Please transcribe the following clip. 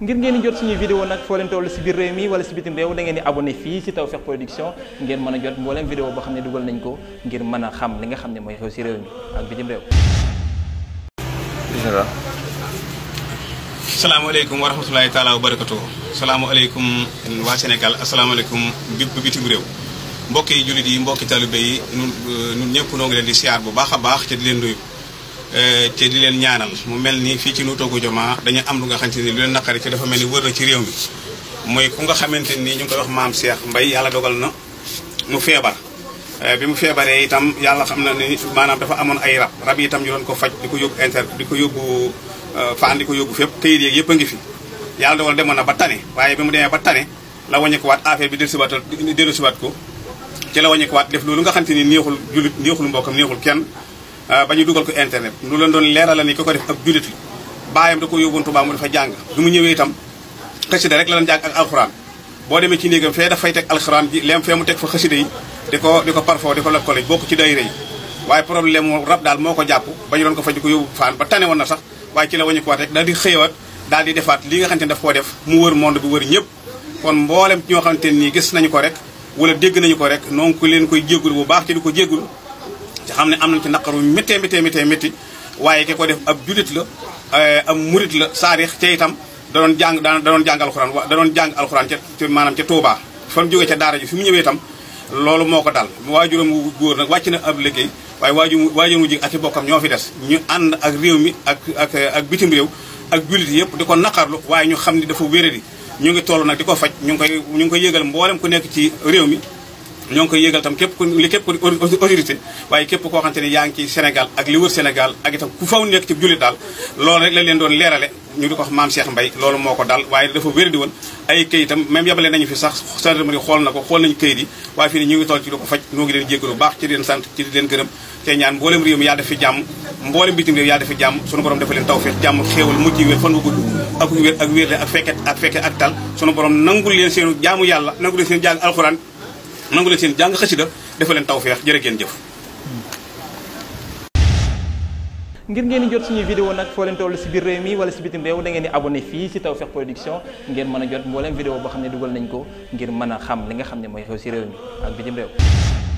ngir ngeen di jot suñuy vidéo nag foo leen toll si biir réew mi wala si bitim réew da ngeen di abonné fii si Tawfekh Production ngeen mën a jot mbooleem vidéo boo xam ne dugal nañ ko ngir mën a xam li nga xam ne mooy xew si réew mi ak bitim réew. wa rahmatulahi taala wa barakatu. salaamaaleykum waa Sénégal asalaamaaleykum bépp bitim réew. mbokki jullit yi mbokki talibé yi ñun euh, ñun ñëpp noo ngi leen di siyaar bu baax a baax te di leen nuyu. Euh, te di leen ñaanam mu mel nii fii ci Notto Goudiama dañu am lu nga xamante ni lu leen naqari ci dafa mel ni wër na ci réew mi mooy ku nga xamante nii ñu ngi koy wax maam Cheikh mbay yàlla dogal na mu feebar euh, bi mu feebaree itam yàlla xam na ni maanaam dafa amoon ay rab rab yi itam ñu doon ko faj di ko yóbbu inter di ko yóbbu euh, faan di ko yóbbu fépp këyit yeeg yëpp a ngi fi yàlla dogal demoon na ba tane waaye bi mu demee ba tane la wàññikuwaat affaire bi dellusiwaat dellusiwaat ko ci la wàññikuwaat def loolu nga xamante ni neexul jullit mbokkam neexul kenn Euh, ba ñu dugal ko internet lu leen doon leeralal ni ko ko def ab jullit la baayam da ko yóbboon Tuubaa mu dafa jàng bi mu ñëwee itam xasida rek la doon jàng ak alxuraan boo demee ci néegam fee dafay teg alxuraan ji lem fee mu teg fa xasida yi di ko di ko parfo di ko lëkkale bokk ci daayira yi waaye problème mu daal moo ko jàpp ba ñu doon ko faj di ko yóbbu faan ba tane woon na sax waaye ci la wañu ko waat rek daal di xëywaat daal di defaat li nga xam ne daf koo def mu wër monde bi wër ñëpp kon mboolem ñoo xamante nii gis nañu ko rek wala dégg nañu ko rek noonu ko leen koy jéggul bu baax ci di ko jéggul te xam ne am nañ ci naqaru méttee méttee méttee métti waaye ki ko def ab julit la eh, am murit la saarix te itam da doon jàng da doon jàng alxuraan da doon jàng alxuraan ca maanaam ca Touba. fa mu jógee ca daara ji fi mu ñëwee tam loolu moo ko dal waajuram wu góor nag wàcc na ab liggéey waaye waajur waajur wu jig ak i bokkam ñoo fi des ñu ànd ak réew mi ak ak bitim réew ak julit yëpp di ko naqarlu waaye ñu xam ne dafa wéradi ñu ngi toll nag di ko faj ñu ngi koy ñu ngi koy yëgal mboolem ku nekk ci réew mi ñoo ngi koy yëgal tam képp ku li képp ku autorité waaye képp koo xamante ni yaa ngi ci Sénégal ak li Sénégal ak itam ku faw nekk ci jullit daal loolu rek la leen doon leerale ñu di ko wax maam Cheikh Mbaye loolu moo ko daal waaye dafa wér di woon ay këyitam même yabale nañu fi sax gendarmerie xool na ko xool nañu këyit yi waaye fii ne ñu ngi toll ci di ko faj ñoo ngi leen jéggalu baax ci leen sant ci di leen gërëm ñaan mboolem réew yaa def fi jàmm mboolem bitim yaa def fi yàlla nangul leen seen jàng nangu leen seen jàng xasida dafa leen tawfeex jërë geen jëf ngir ngeen jot suñu vidéo nag foo leen toll si biir réew mi wala si bitim réew da ngeen di abonné fii si Tawfekh Production ngeen mën a jot mbooleem vidéo boo xam ne dugal nañ ko ngir mën a xam li nga xam ne mooy xew si réew mi ak bitim réew